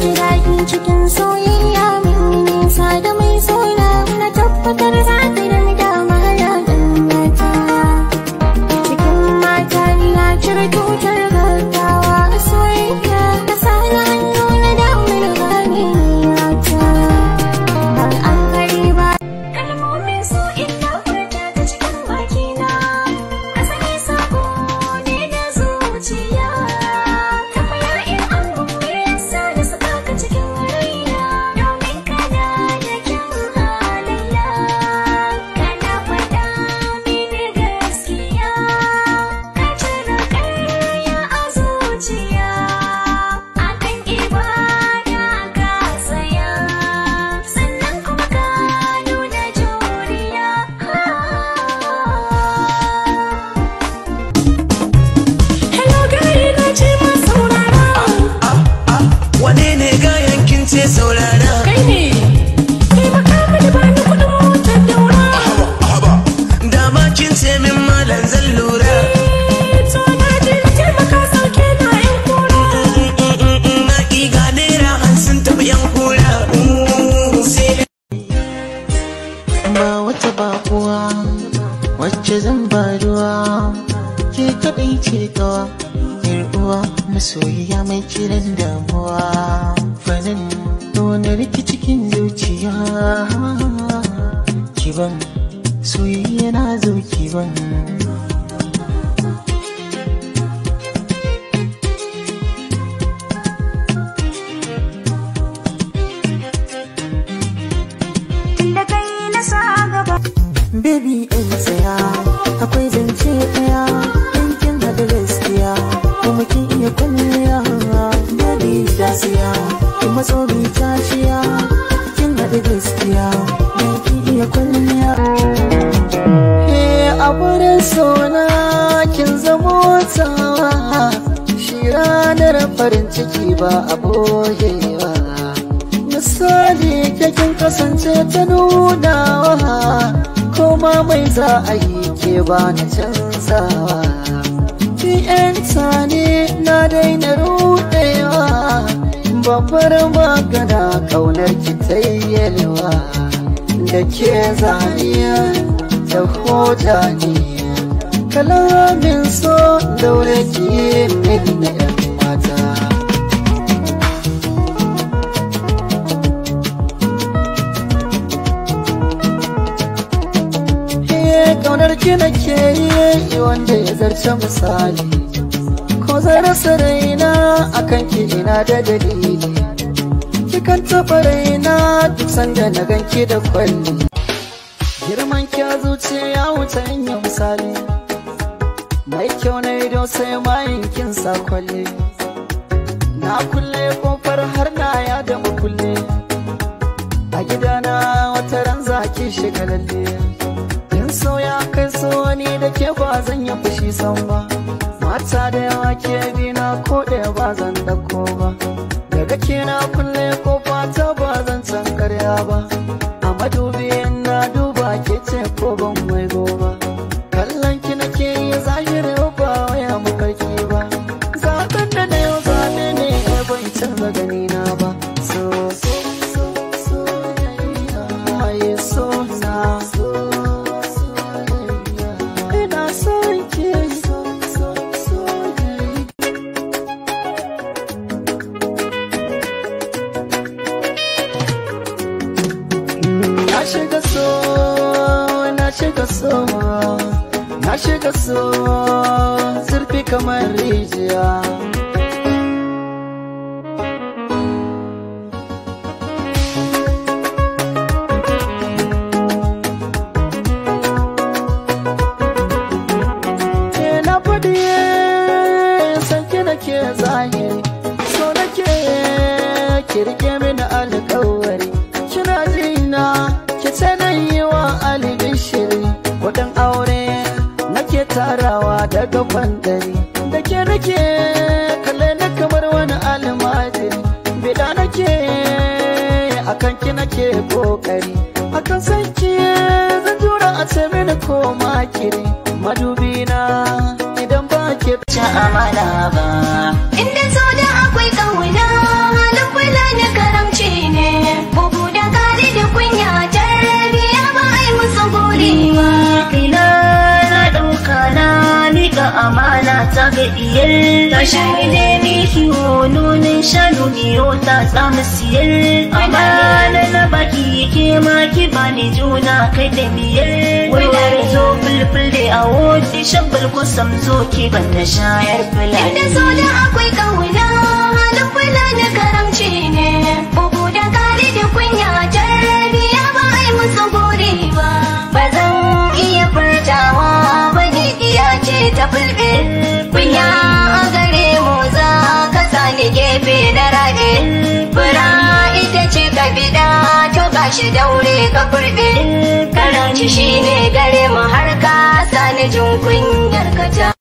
ji daɗi cikin soyayya ce saurara kai ne kai baka mani ba ni kudin motar daura ahaba ahaba dama kin ce min malan zan eh, to na jin taimaka sauke na yan kura na iga naira hansun taɓa yan kura ba wata bakuwa wacce zan ba ruwa ke kaɗai ce kawa uwa masoyiya mai kiran damuwa fanin ƙaunar cikin zuciya kiban soyayya na zo kiban Baby, it's sona kin zamo tsawa shi ranar farin ciki ba a ba, misali kin kasance ta wa koma mai za a yi ke ba na canzawa yanta ne na daina rudewa babbar magana kaunar ki tayyelwa da ke zaniya ta hoda ne kalamin so daure ki na yan mata kaunar ki na ke yi wanda ya zarce misali ko zai rasa raina akan ki ina da dalili kikan taɓa raina duk sanda na ganki da kwalli girman kya ya wuce yin misali mai kyau na ido sai mayin kin sa kwalle na kulle kofar har na ya da kulle a gidana wata ran zaki shiga lalle in so ya kai so ni da ke ba zan yi fushi san ba mata da yawa ke bi na ko da ba zan dauko ba daga ke na kulle kofa ta ba zan can karya ba shiga so na shiga so na shiga so zurfi kamar rijiya tarawa daga bandari da ke nake kalle na kamar wani almajiri bida nake akan ki nake kokari akan sanki zan jura a ce mini ko makiri madubi na idan ba ke ci amana ba inda sau da akwai kawunan tabiyar ta ne ni. miki nunin shanu biyo ta samu siyar amma na baki ke ma ki bani juna kai da biyar wadar zo fulful da a wodi shabbal kusan. zo ki ban na shayar fulani inda so da akwai kawuna. halin kula na karamci ne bugu da kare da kunya ta na rabe fura ita ce ka bida to gashi daure ka kurbe karanci shine dare mu har ka sani jin kunyar ka